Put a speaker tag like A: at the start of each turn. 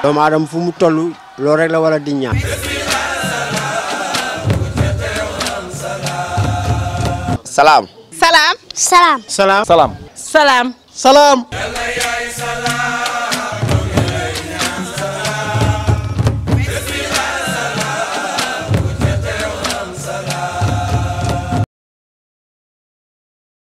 A: doomu aadama fu mu toll loolu rek la war a di ñaan salaam
B: salaam salaam salaam salaam salaam
C: salaam